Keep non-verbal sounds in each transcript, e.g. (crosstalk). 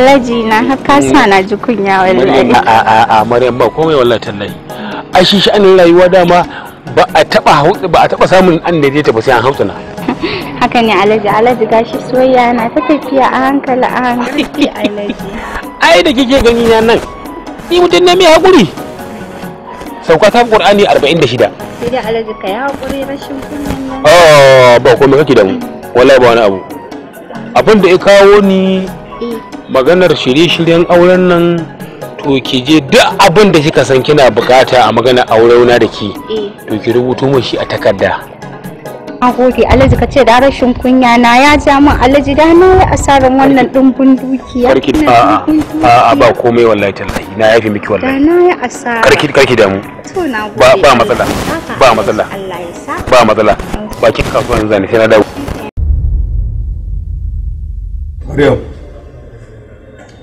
alaji na haka sa na ji kunya wallahi a a a maryam ba komai wallahi tallahi ai shi sha'anin rayuwa dama ba a taba ba a taba samun an da ta ba sai an hautuna (laughs) haka ne alaji alaji gashi soyayya na ta tafiya a hankali a hankali (laughs) alaji ai da kike gani na nan ni mutum ne mai hakuri sauka ta qur'ani 46 sai dai alaji kai hakuri rashin kunya oh ah, ba komai kake da mu wallahi ba wani abu abin da ya kawo ni eh. maganar shirye-shiryen auren nan to ki je duk abin da kika san kina bukata a maganar aurena da ki eh. to ki rubuto min shi a takarda a alhaji ka ce da rashin kunya na ya ja min alhaji da na yi asarar wannan dimbin dukiya karki a a ba komai wallahi tallahi na yafi miki wallahi da na yi asara karki karki damu to na gode ba matsala ba matsala Allah ya sa ba matsala ba kin kasuwan ne sai na dawo Maryam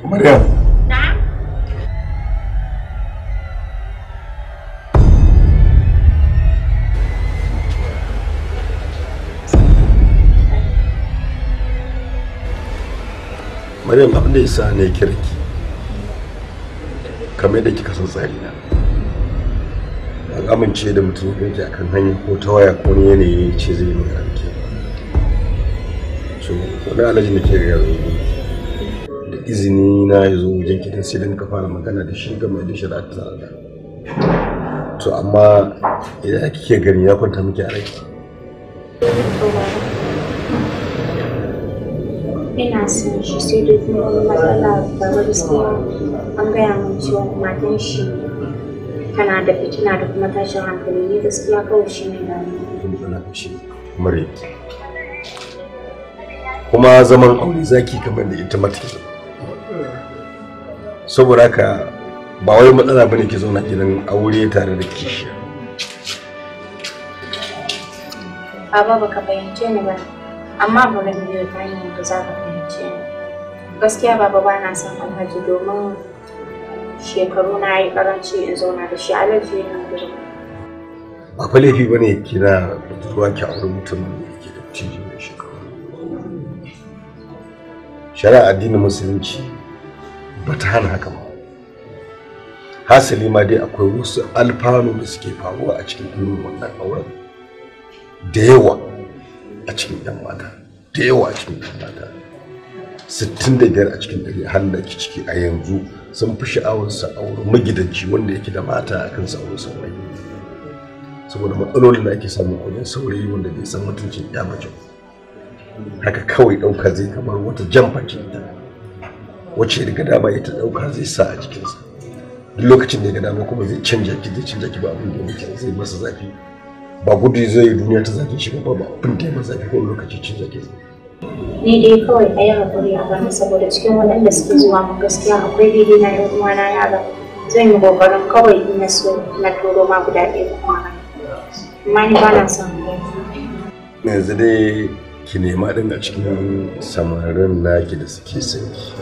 Maryam. Na'am. Maryam abin da isa ne kirki. Kamar da kika san tsari na. An amince da mutum yake akan hanya ko ta waya ko ne yanayi ce zai yi magana ke. So, wani alhaji da ke gaba ne. da izini na ya zo wajen kitan sai da muka fara magana da shi game da shari'a ta to amma idan ke gani ya kwanta miki a rai ina son shi sai dai kuma wani matsala da wani an gaya min cewa matan shi tana da fitina da kuma tashin hankali ne gaskiya kawai shi ne da kuma zaman aure zaki kamar da ita mata saboda haka ba wai matsala bane ki zauna gidan aure tare da kishi. amma baka fahimce ni ba amma ba da ta hanyar da za ka fahimce ni gaskiya baba ba na son alhaji domin shekaru na yi karanci in zauna da shi alaji yana gudu ba fa laifi ba ne kira budurwa ki aure mutum da yake da ciji shekaru shari'a addinin musulunci Bata hana haka ba hasali ma dai akwai wasu alfanu da suke faruwa a cikin irin wannan auren da yawa a cikin yan mata da yawa a cikin yan mata 65 a cikin dare har da ciki a yanzu sun fi sha'awar sa auren magidanci wanda yake da mata akan sa auren saurayi saboda matsalolin da ake samun kudin saurayi wanda bai san mutuncin ya mace haka kawai ɗauka zai kamar wata jan bakin wacce daga dama ita ɗauka zai sa a jikinsa duk lokacin da ya ga dama kuma zai canja ki zai canja ki ba abin da yake zai masa zafi ba gudu zai duniya ta zafi shi ba ba abin da ya masa zafi ko lokacin canja ki ni dai kawai a yi hakuri a gani saboda cikin waɗanda suke zuwa mu gaskiya akwai daidai na yan na yara zan yi kokarin kawai ina na so na turo ma guda ɗaya kuma amma ni ba na son yanzu dai ki nema daga a cikin samarin naki da suke sanki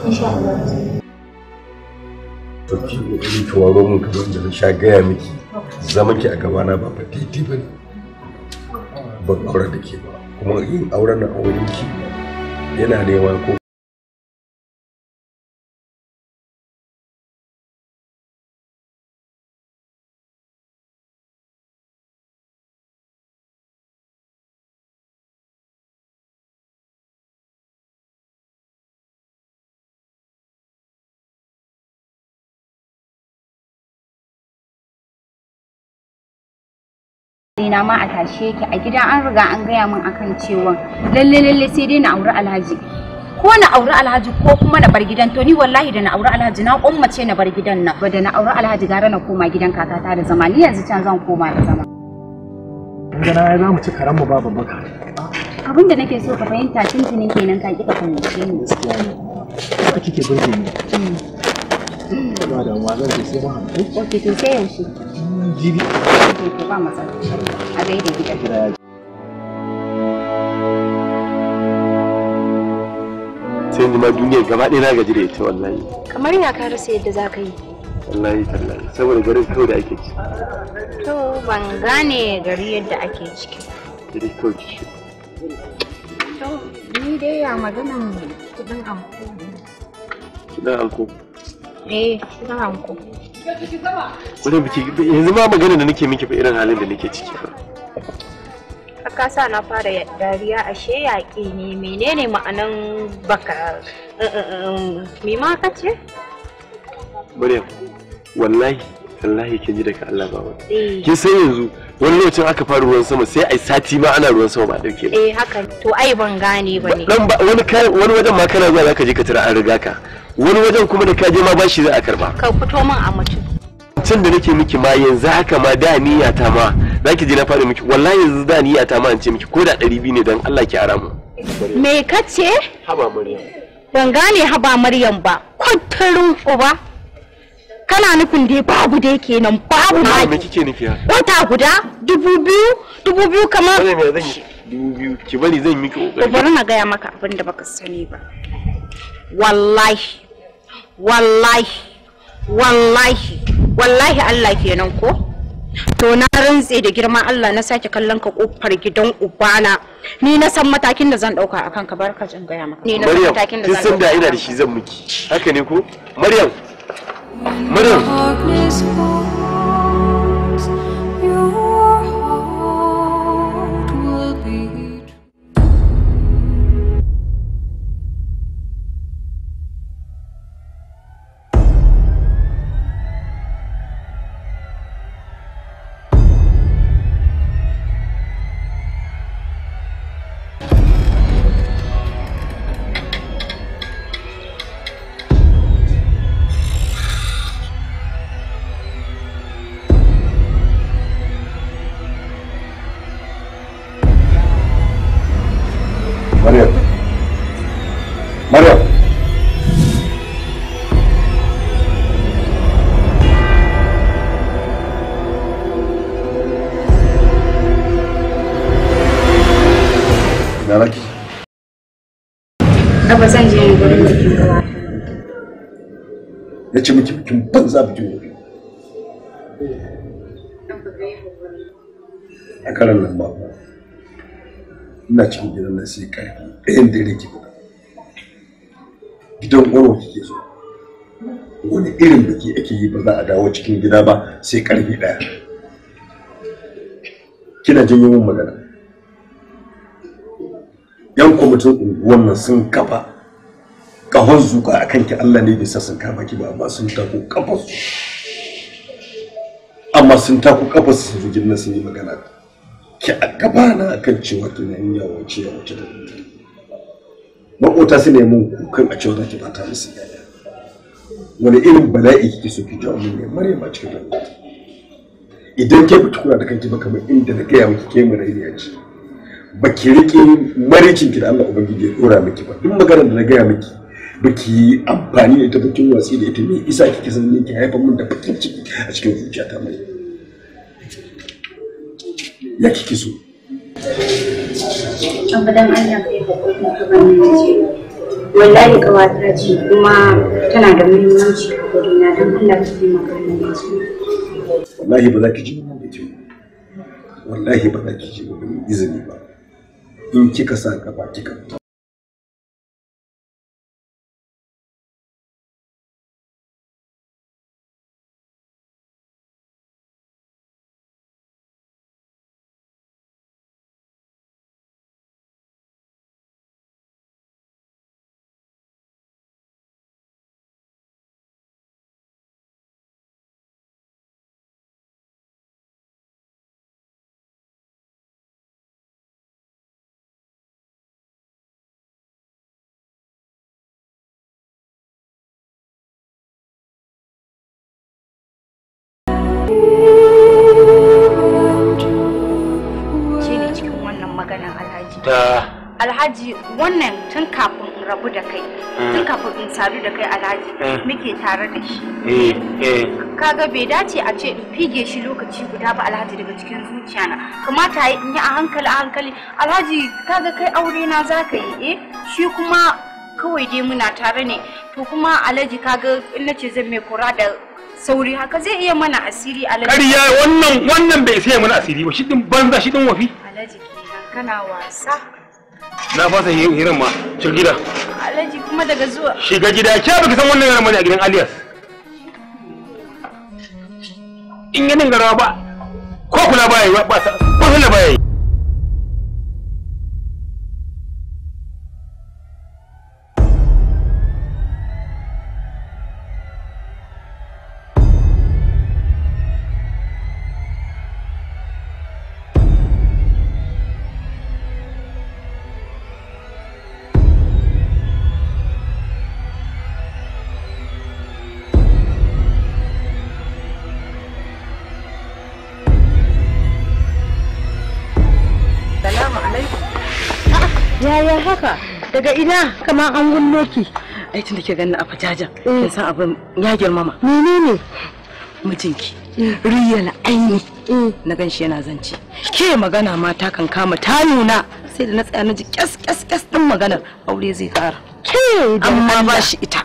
to ki kokari ki waro mun kamar da na sha gaya miki zama ki a gabana ba fa titi ba ne ban aure da ke ba kuma yin auren nan auren ki yana neman ko na ma a tashe yake a gida an riga an gaya min akan cewa lalle lalle sai dai na auri alhaji ko na auri alhaji ko kuma na bar gidan to ni wallahi da na auri alhaji na ummace na bar gidan na ba da na auri alhaji gara na koma gidan kakata da zama ni yanzu can zan koma da zama gana ya za mu ci karan mu babu baka abin da nake so ka fahimta tuntunin kenan ka kika fahimce ni gaskiya ne ka kike burge ni mm. ba da ma zan sai ma ko to sai yaushe jibi ko ba matsala a gaida gida sai ni ma duniya gaba ɗaya na gaji da ita wallahi kamar ya ka rasa yadda za ka yi wallahi tallahi saboda garin kawai da ake ciki to ban gane gari yadda ake ciki gari kawai ciki to ni dai ya maganan kudin anko kudin anko eh kudin anko Kure biki yanzu ma magana da nake miki fa irin halin da nake ciki fa. Ka sa na fara dariya ashe yaƙi ne menene ma'anan baka eh, eh, eh, me ma ka ce? Maryam wallahi wallahi kin ji daga Allah ba wani. Kin san yanzu wani lokacin aka fara ruwan sama sai ai sati ma ana ruwan sama ba dauke ba. Eh haka to ai ban gane ba ne. Wani wajen ma kana zuwa zaka je ka tira an riga ka. wani wajen kuma da ka je ma bashi za a karba ka fito min a mace tun da nake miki ma yanzu haka ma da niyya ta ma zaki je na fara miki wallahi yanzu da niyya ta ma an ce miki ko da 200 ne dan Allah ki ara mu me kace haba maryam ban gane haba maryam ba kwantarin uba kana nufin dai babu yake nan babu ma me kike nufi ha wata guda dubu biyu dubu biyu kamar dubu biyu ki bari zan miki kokari bari na gaya maka abin da baka sani ba wallahi wallahi wallahi wallahi Allah kenan ko to na rantse da girman Allah na sake kallon ka kofar gidan ubana ni na san matakin da zan dauka akan ka barka jin gaya maka ni na san matakin da zan dauka kin san da ina da shi zan miki haka ne ko Maryam Maryam sabtu a karan nan ba ina cikin gidan nan sai kai ɗayan dare ki fita gidan gwaro kike so wani irin biki ake yi ba za a dawo cikin gida ba sai karfe ɗaya kina jin yin magana yan kwamitin unguwan nan sun kafa kahon zuka a kanki Allah ne bai sun kama ki ba amma sun tako kafas amma sun tako kafas su ji jinna sun yi magana ki a gaba na akan cewa tunanin ya wace ya wace da makota su nemi kukan a cewa ki bata musu yaya wani irin bala'i kike so ki jawo mun ne mare ma cikin da idan ke fita kula da kanki ba kamar inda na gaya miki ke mu rayuwa ce ba ki rike maricin ki da Allah ubangiji ya dora miki ba duk maganar da na gaya miki baki amfani da ita wasi watsi da ita ne isa kike san ne ki haifar mun da bakin ciki a cikin zuciyata mai ya kike so abadan Allah kai ka bani ce wallahi kawata ce kuma tana da muhimmanci a gurina don Allah magana da mana wallahi ba za ki ji ba wallahi ba za ki ji ba izini ba in kika sa gaba kika ta alhaji wannan tun kafin in rabu da kai eh. tun kafin in sadu da kai alhaji eh. muke tare da shi eh, kaga bai dace a ce in fige shi lokaci guda ba alhaji daga cikin zuciya na kamata yi in yi a hankali a hankali alhaji kaga kai aure na za ka yi eh shi kuma kawai dai muna tare ne to kuma alhaji kaga in nace zan mai kura da sauri haka zai iya mana asiri alhaji kariya wannan wannan bai sai mana asiri ba shi din banza shi din wafi alhaji kana wasa na fasa yin hirin ma shiga gida alhaji kuma daga zuwa shiga gida ke baki san wannan yaran bane a gidan alias in yanin garawa ba ko kula ba yi ba ta ko kula ba yi daga ina kama an wunno ki ai tunda ke ganin a fajajan eh. Ya san abin ya girmama menene mijinki riyal aini eh. na ganshi yana zance ke magana mata kan kama ta nuna sai da na tsaya na ji kyas kyas kyas din maganar aure zai fara ke amma ba shi ita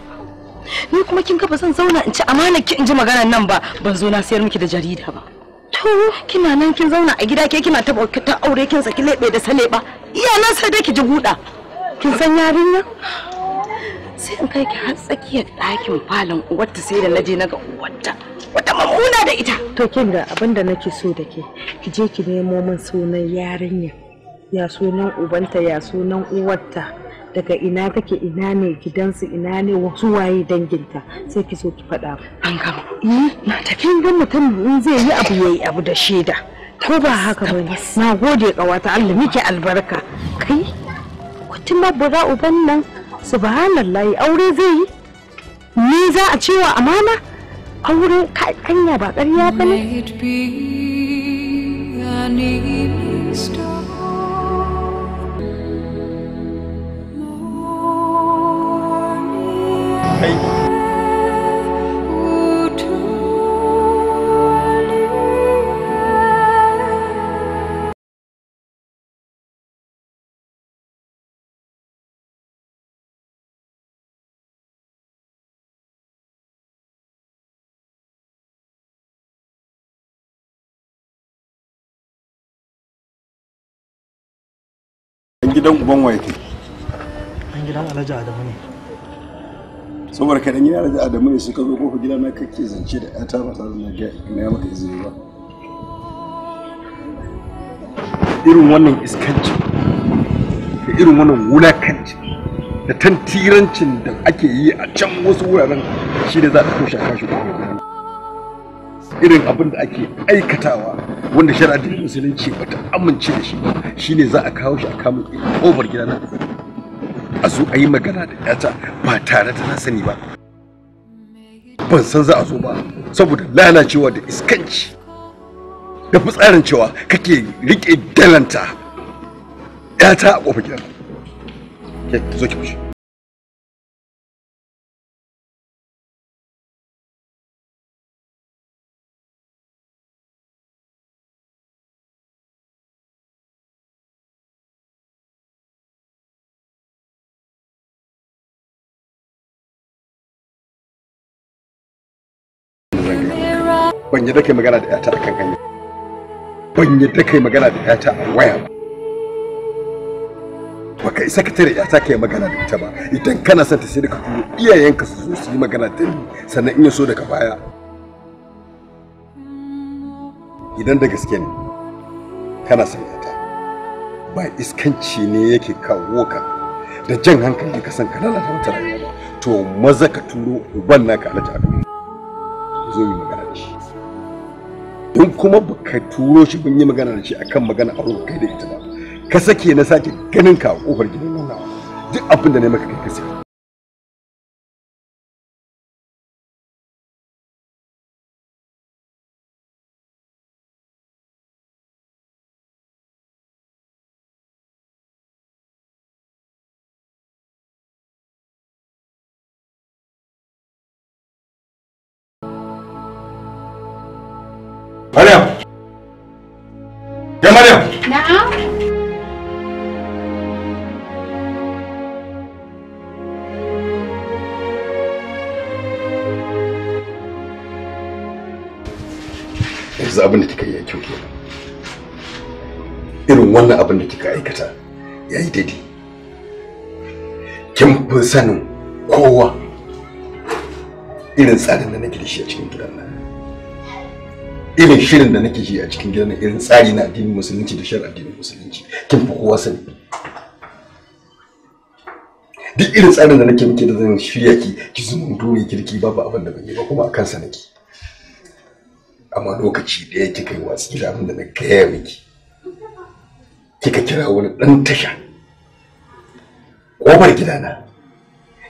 ni kuma kin ba zan zauna in ci amana ki in ji maganar nan ba ban zo na sayar miki da jarida ba to kina nan kin zauna a gida ke kina ta aure kin saki lebe da sale ba iya nan sai dai ki ji huda kin san yarinya sai in kai ki har tsakiyar ɗakin falon uwarta sai da na je na ga uwarta wata mamuna da ita to kin ga abin da nake so da ke ki je ki nemo min sunan yarinya ya sunan ubanta ya sunan uwarta daga ina take ina ne gidansu ina ne wasu waye danginta sai ki so ki faɗa an gama na eh, tafi ga mutum in zai yi abu yayi abu da shaida ko ba haka ba na gode ƙawata, Allah miki albarka kai tun babu za uban nan subhanallahi aure zai yi ni za a cewa amana aure kanya ba ƙarya ba ne dan gidan uban wa yake dan gidan alhaji adamu ne saboda ka dan gidan alhaji adamu ne sai ka zo kofa na kake zance da ƴata ba tare da na ya maka izini ba irin wannan iskanci da irin wannan wulakanci da tantirancin da ake yi a can wasu wuraren shi da za ta kusha kashi irin abin da ake aikatawa wanda shari'ar musulunci ba ta amince da shi shi ne za a kawo shi a kamun ƙofar gida na a zo a yi magana da yata ba tare da na sani ba ban san za a zo ba saboda lalacewa da iskanci da fitsarin cewa kake rike dalanta yata a ƙofar gida zo ki fushi ban yadda kai magana da yata akan hanya ban yadda kai magana da yata a waya ba ka isa ka tare yata kai magana da ita ba idan kana son ta sai ka turo iyayenka su zo su yi magana da ni sannan in ya so daga baya idan da gaske ne kana son yata ba iskanci ne yake kawo ka da jan hankali ka san ka lalata mata rayuwa to maza ka turo uban naka alata zo yi magana in kuma baka turo shi kun yi magana da shi akan magana aure kai da ita ba ka sake na sake ganin ka a kofar gidan nan duk abin da ne maka kai ka sake sanin kowa irin tsarin da nake da shi a cikin gidan nan irin shirin da nake shi a cikin gidan nan irin tsari na addinin musulunci da shirin addinin musulunci kin fi kowa sani duk irin tsarin da nake muke da zan shirya ki ki zumun dore kirki babu abin da ban yi ba kuma a kansa nake amma lokaci ɗaya kika yi watsi da abin da na gaya miki kika kira wani ɗan tasha ƙofar gidana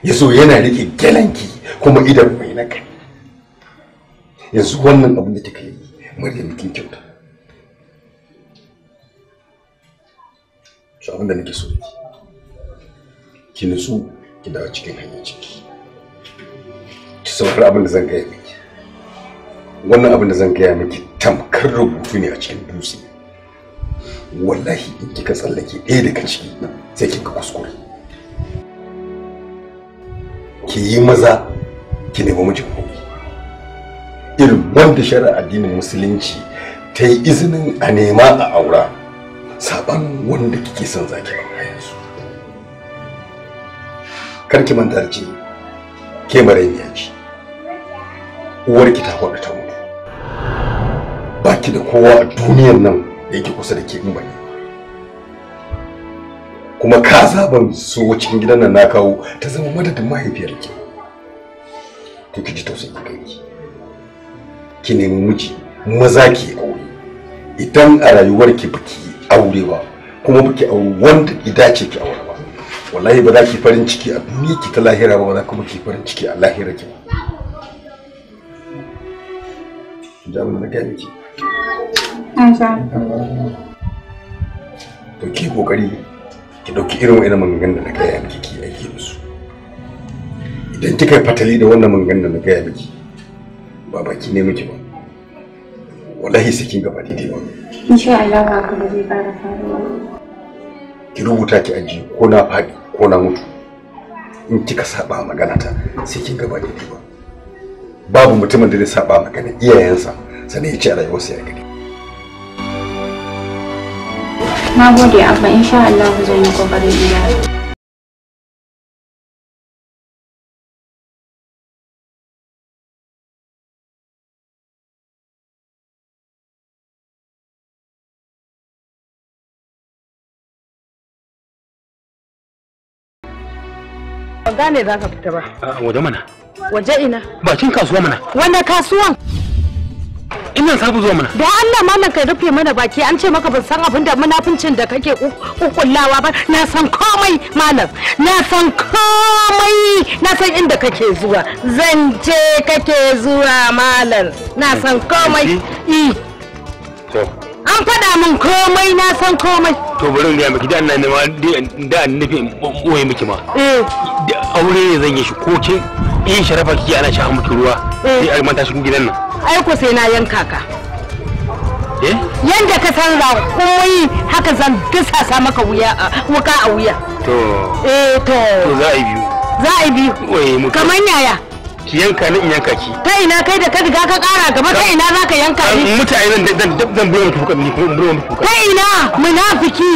ya zo yana rike gelanki kuma idan mai na kai yanzu wannan abin da take yi maryam kin kyauta to abin da nake so ki nutsu ki dawo cikin hanyar ciki ki saurari abin da zan gaya miki wannan abin da zan gaya miki tamkar rubutu ne a cikin dutse wallahi in kika tsallake ɗaya daga ciki sai kika kuskure ki yi maza ki nemi mijin irin wanda shari'ar addinin musulunci ta yi izinin a nema a aura saban wanda kike son zaki aura yanzu kar ki manta ce ke maraimiya ce uwarki ta faɗa ta mutu ba ki da kowa a duniyar nan da yake kusa da ke in bane kuma ka ban so cikin gidan nan na kawo ta zama madadin mahaifiyarki to ki ji tausayi kanki ki nemi miji maza ki aure idan a rayuwarki biki aure ba kuma biki aure wanda ki dace ki aure ba wallahi ba za ki farin ciki a duniya ki ta lahira ba ba za kuma ki farin ciki a lahira ki ba na ki to ki kokari ki ɗauki irin wa'ina maganganun da na gaya miki ki aiki da su idan kika fatali da wannan maganganun da na gaya miki ba baki ne miki ba wallahi sai kin gaba daidai ba insha Allah ba ka zai fara faruwa ki rubuta ki aji ko na faɗi ko na mutu in kika saba magana ta sai kin gaba daidai ba babu mutumin da zai saba magana iyayensa sannan ya ce rayuwarsa ya gani Na gode abba insha Allah zan yi kokarin gyara. Wanda ne za ka fita ba. Waje mana. Waje ina. Bakin kasuwa mana. Wanda kasuwan? Ina sabu zuwa mana. Da Allah malam kai rufe mana baki an ce maka ban san abin da munafincin da kake kukullawa ba na san komai malam na san komai na san inda kake zuwa zan je kake zuwa malam na san komai. an faɗa min komai na san komai to bari ne gaya miki da ina ma da nufi in miki ma eh aure ne zan yi shi ko ke in sharafa kike ana sha miki ruwa eh. sai a manta shi gidan nan ai ko sai na yanka ka eh yanda ka san za ku raƙumi haka zan dusa sa maka wuya wuka a wuya to eh to to za a yi biyu za a yi biyu kamar yaya ki yanka ni in yanka ki ta ina kai da ka riga ka kara gaba ta ina za ka yanka ni mutane zan dan dan dan fuka ni ko fuka ta ina munafiki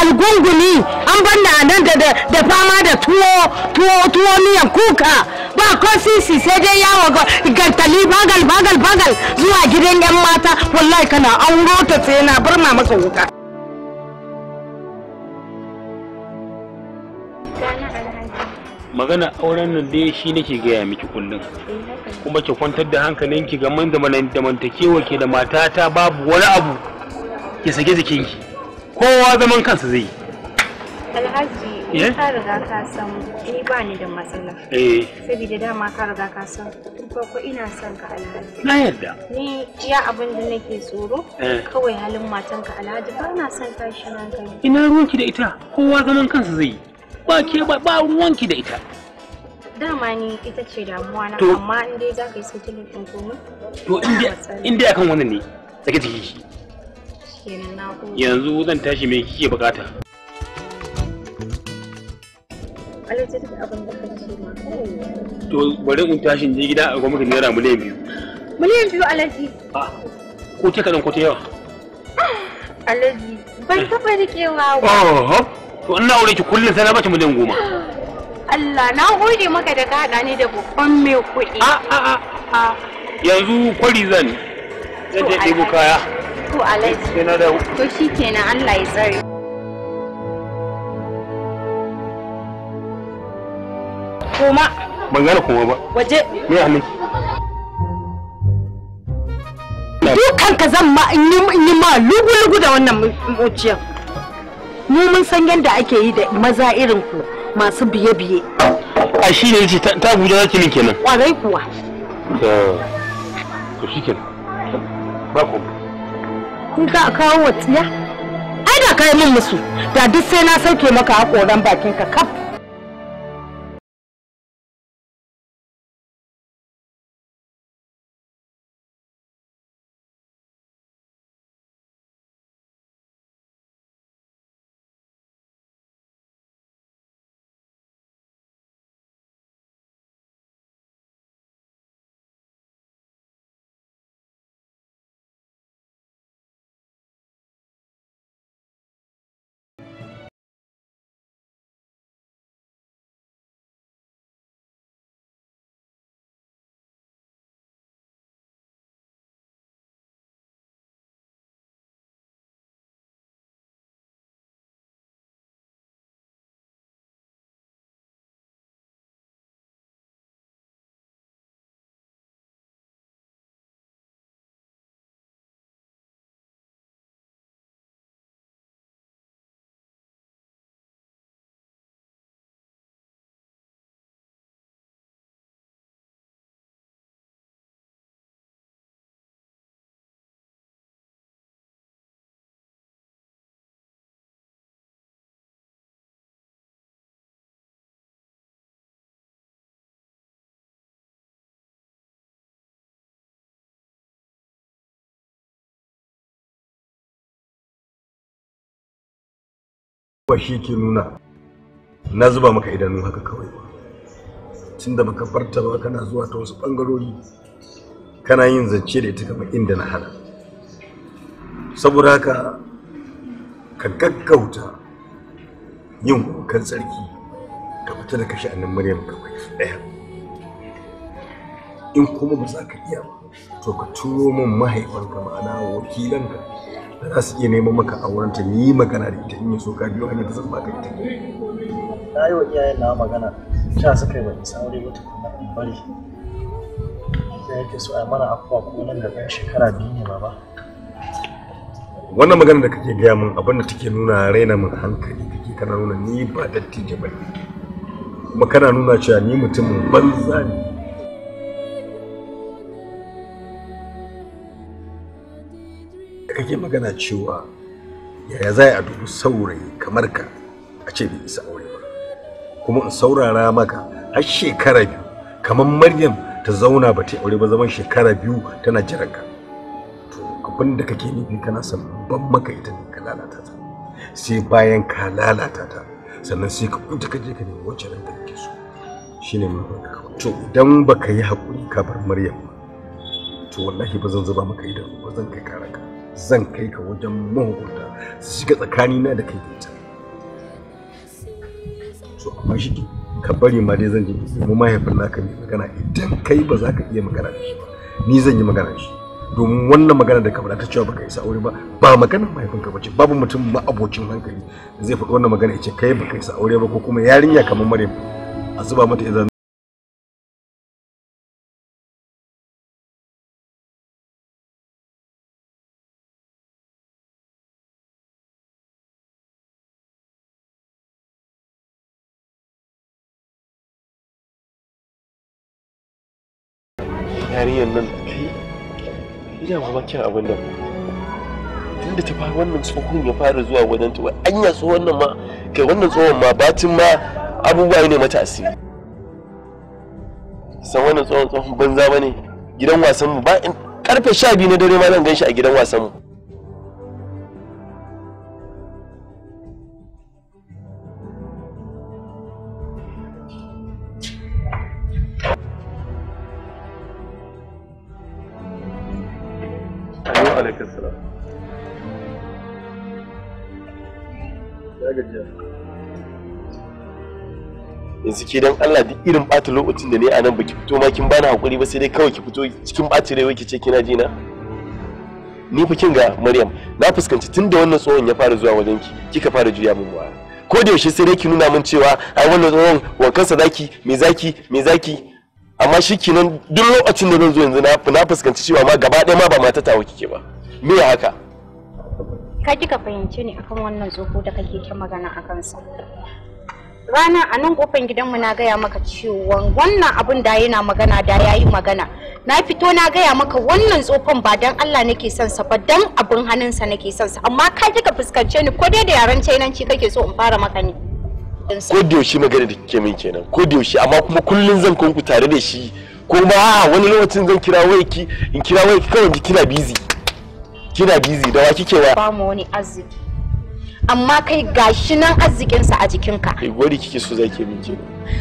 algunguni an bar na nan da da fama da tuwo tuwo tuwo miyan kuka ba ko sisi sai dai yawo gantali bagal bagal bagal zuwa gidan yan mata wallahi kana auro ta sai na ma masa wuka Thank you. magana auren nan dai shi nake gaya miki kullum kuma ki kwantar da hankalinki ga man da mantakewa ke da matata babu wani abu ke sake jikinki kowa zaman kansa zai yi alhaji ya eh? ka riga ka san ni ba ni da matsala eh. saboda dama ka riga ka san tun farko ina son ka alhaji na yarda ni iya abin da nake tsoro eh. kawai halin matanka alhaji ba na son tashi hankali ina ruwanki da ita kowa zaman kansa zai yi ba ke ba ba ruwanki da ita dama ni ita ce damuwa na amma in dai za ka yi settling din komai to in dai akan wannan ne sake ciki yanzu zan tashi me kike bukata to bari in tashi je gida a gwamnati naira miliyan biyu miliyan biyu alaji ko ce kadan ko ta yawa ah, alaji ban taba rikewa ba to ina aure ki kullum sai na baki miliyan goma Allah na gode maka da ka haɗa ni da babban mai kuɗi a a a yanzu kwari zan zan je ɗebo kaya to alaji to kenan Allah ya tsare koma ban gane koma ba waje me halin dukanka zan ma in yi ma lugu-lugu da wannan muciyar mu mun san yadda ake yi da maza irin ku masu biye-biye a shi ne ce ta abuja zaki min kenan kwarai kuwa to shi kenan ba ku kun ka kawo watiya ai da kai min musu da duk sai na sauke maka hakoran bakinka ka kaf washi ke nuna na zuba maka idanu haka kawai tun da baka farta ba kana zuwa ta wasu ɓangarori kana yin zance da ita kama inda na hana saboda haka ka gaggauta yin kukan tsarki ka fita daga sha'anin maryam kawai ɗaya in kuma ba za ka iya ba to ka turo min mahaifanka ma'ana wakilanka da za su iya neman maka auren ta yi magana da ita in yi so ka biyo hanyar da zan baka ita na yi wa iyayen na magana ta su kai wani isa aure wata kuma in bari da yake so a mana akwa ko nan da ɗan shekara biyu ne ba wannan magana da kake gaya min abin da take nuna raina min hankali kake kana nuna ni ba dattijo ba kuma kana nuna cewa ni mutumin banza ne kake magana cewa yaya za a dubi saurayi kamar ka a ce bai isa aure ba kuma in saurara maka har shekara biyu kamar maryam ta zauna ba ta aure ba zaman shekara biyu tana jiran ka to abin da kake nufi kana son ban maka ita ne ka lalata ta sai bayan ka lalata ta sannan sai ka kunta ka je ka nemi wacce ranka kake so shine mun to idan baka yi hakuri ka bar maryam to wallahi bazan zuba maka idan ba zan kai karaka zan kai ka wajen mahukunta su shiga tsakani na da kai ita so amma shi ka bari ma dai zan je mu mahaifin naka ne magana idan kai ba za ka iya magana da shi ba ni zan yi magana da shi domin wannan magana da kamar ta cewa baka isa aure ba ba mahaifin mahaifinka bace babu mutum ma abocin hankali zai faɗi wannan magana ya ce kai baka isa aure ba ko kuma yarinya kamar maryam a zuba mata idan mamakin abin nan tunda ta fara wannan tsohon ya fara zuwa wajen ta anya tsohon wannan ma kai wannan tsohon ma batun ma abubuwa ne mata asiri san wannan tsohon tsohon banza bane gidan wasan mu ba in karfe 12 na dare ma zan ganshi a gidan wasan mu yanzu ke dan Allah duk irin ɓata lokacin da ne a nan baki fito ma kin bani hakuri ba sai dai kawai ki fito cikin ɓata rai ki ce kina ji na ni fa kin ga Maryam na fuskanci tun da wannan tsohon ya fara zuwa wajen ki kika fara juya min wa ko da yaushe sai dai ki nuna min cewa ai wannan tsohon kansa zaki me zaki me zaki amma shi nan duk lokacin da zan zo yanzu na fuskanci cewa ma gaba ɗaya ma ba mata tawo kike ba me ya haka ka kika fahimce ni akan wannan tsoho da kake ta magana a kansa rana a nan kofan gidanmu na gaya maka cewa wannan abun da yana magana da yayi magana na fito na gaya maka wannan tsofan ba dan Allah nake son sa ba dan abun hannunsa nake son sa amma ka kika fuskance ni ko dai da yaran chainanci kake so in fara maka ne ko da yaushe magana da kike min kenan ko da yaushe amma kuma kullun zan kunku tare da shi ko ba wani lokacin zan kira wayarki in kira wayarki kawai kina busy kina busy da wa kike waya ba mu wani arziki amma kai gashi nan arzikinsa a jikinka kai gwari kike so zaki min ce.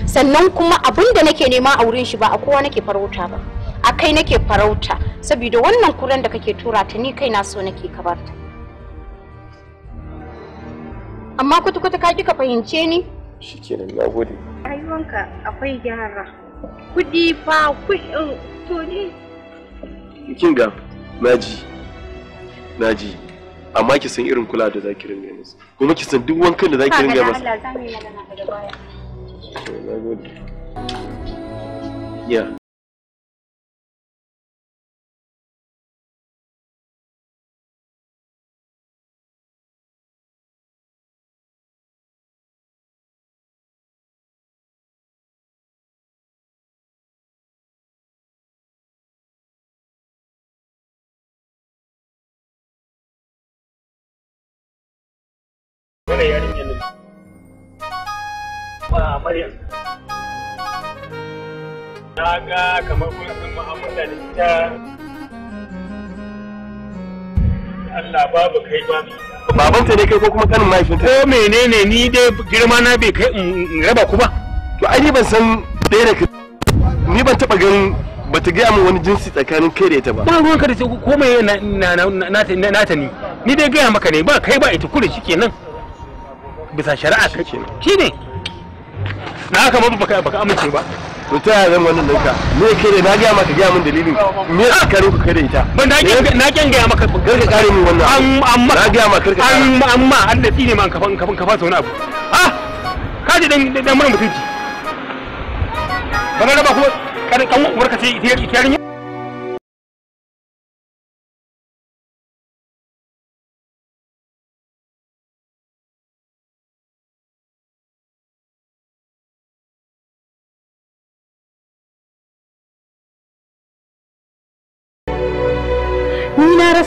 sannan kuma abin da nake nema a wurin shi ba a kowa nake farauta ba a kai nake farauta saboda wannan kuran da kake tura ta ni kai na so nake kabar ta amma kwata-kwata ka kika fahimce ni shikenan na gode rayuwanka akwai gyara kudi fa kudin to ni. kin ga naji naji amma ki san irin kula da zaki ringa kuma ki san duk wankan da zaki ringa masa ya har yanzu na ga kamar kun sun mu'amala da Allah babu kai babu babanta ne kai ko kuma kanin mahaifinta ko menene ni dai girma na bai kai in raba ku ba to ai ban san ɗaya da ni ban taɓa ganin bata gaya min wani jinsi tsakanin kai da ita ba ba ruwan ka da ko mai na ta ni ni dai gaya maka ne ba kai ba ita kure shikenan bisa shari'a shikenan shine na haka ma baka baka amince ba to ta yaya zan wannan ɗinka me ke da na gaya maka gaya min dalilin me ya kare ku kare da ita ban da na kyan gaya maka karka kare min wannan an amma na gaya maka karka an amma an da tsine ma kafan kafan kafa sau na abu ah kaji dan dan mun mutunci bana ba ku kan kan uwar ka ce ita yarinya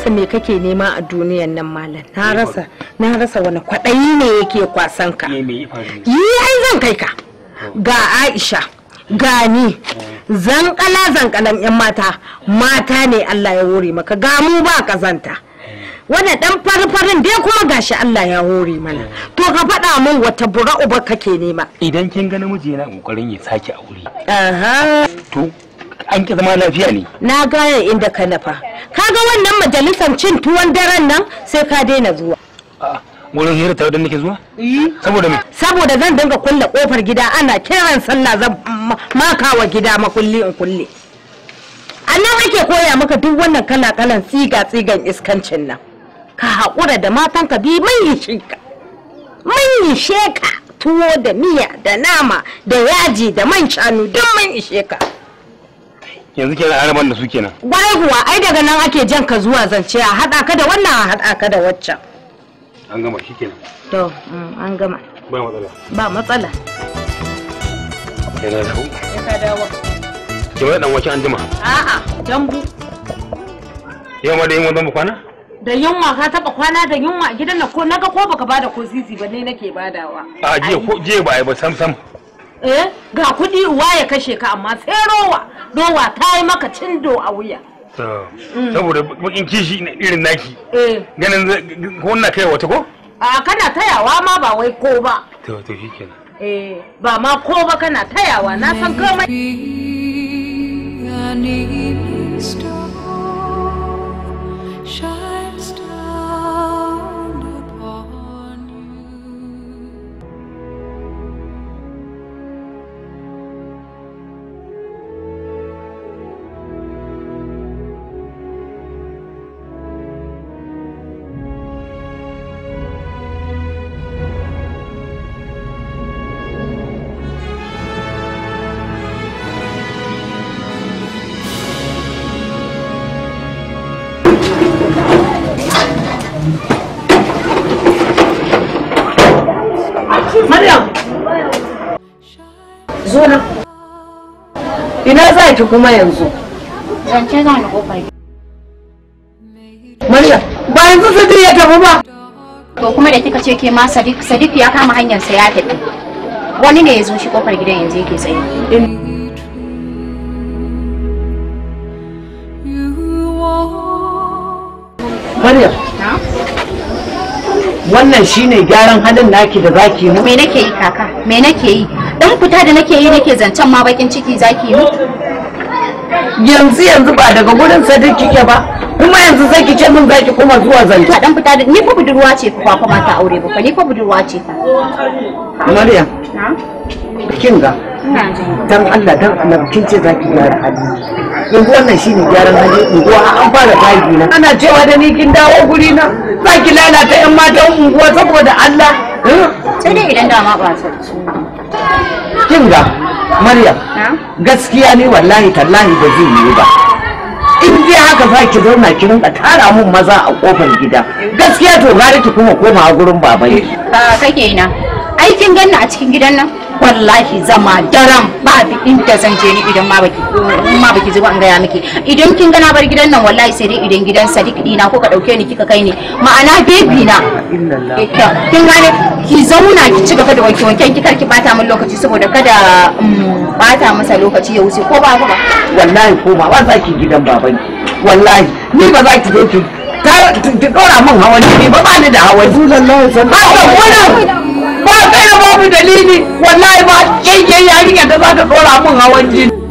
rasa me kake nema a duniyan nan malam na rasa na rasa wani kwaɗayi ne yake kwasan ka yi ai zan kai ka oh. ga aisha gani oh. zankala zankalan yan mata mata ne allah ya hore maka ga mu ba kazanta oh. wannan dan farfarin dai kuma gashi Allah ya hore mana to ka faɗa min wata bura uba kake nema idan kin ga namiji yana kokarin ya sake aure aha to an ki zama lafiya ne na gane inda ka nafa ga wannan majalisar cin tuwon daren nan sai ka daina zuwa wurin hira tare da nake zuwa eh. saboda me saboda zan dinga kulle kofar gida ana kiran sallah zan makawa gida makulli in kulle nan ake koya maka duk wannan kala kalan tsiga tsigan iskancin nan ka haƙura da matanka bi mai shinka tuwo da miya da nama da yaji da man shanu duk man ishe ka yanzu kenan araban da su kenan gwarai kuwa ai daga nan ake jan ka zuwa zance a haɗa ka da wannan a haɗa ka da waccan an gama shi kenan to mm, an gama ba matsala ba matsala yana da ka dawo ki wani dan wake an jima a'a dambu. yau ma da yin wannan kwana da yunwa ka taba kwana da yunwa a gidan na ko naga ko baka bada ko zizi ba ne nake badawa a jiya ko jiya ba ai ba sam sam eh ga kuɗi uwa ya kashe ka amma sai rowa rowa ta yi maka cindo a wuya saboda bakin kishi irin naki eh. ganin ko wannan kai wata ko a kana tayawa ma ba wai ko ba to to shikenan eh ba ma ko ba kana tayawa na san komai Maryam! Zo na. Ina za ki kuma yanzu? Zance za ni kofar Maryam, ba yanzu Sadiq ya tafi ba. To kuma da kika ce ke ma Sadiq, Sadiq ya kama hanyar sa ya tafi. Wani ne ya zo shi kofar gidan yanzu yake tsaye. Maryam, wannan shine gyaran halin naki da zaki mu me nake yi kaka me nake yi dan fita da nake yi nake zancen ma bakin ciki zaki mu yanzu yanzu ba daga gurin sadin kike ba kuma yanzu sai ki ce min zaki kuma zuwa zance dan fita da ni fa budurwa ce fa kuma ta aure ba ni fa budurwa ce fa maria. na kin ga dan Allah dan Allah kin ce za ki gyara hali yanzu wannan shine gyaran hali unguwa an fara tagi na ana cewa da ni kin dawo guri na za ki lalata yan matan unguwa saboda Allah sai dai idan dama ba sarki kin ga Maryam gaskiya ne wallahi tallahi ba zai yi ba in dai haka za ki zauna ki rinka tara mun maza a kofar gida gaskiya to gari ki kuma koma gurin babai ka kake na aikin ganna a cikin gidan nan wallahi zama daram ba bi inda zan je ni idan ma baki ma baki zuba an ya miki idan kin gana bar gidan nan wallahi sai dai idan gidan Sadiq dina ko ka dauke ni kika kai ni ma'ana baby na kin gane ki zauna ki ci gaba da wanke wanke ki karki bata min lokaci saboda kada bata mm, masa lokaci ya wuce ko ba ba wallahi ko ma ba zaki gidan baban wallahi ni ba za ki je ki ta dora min hawan ni ba ba ni da hawan ba ba wannan ba kai da babu dalili wallahi ba yayyayi yarinyar da za ta dora mun hawan jini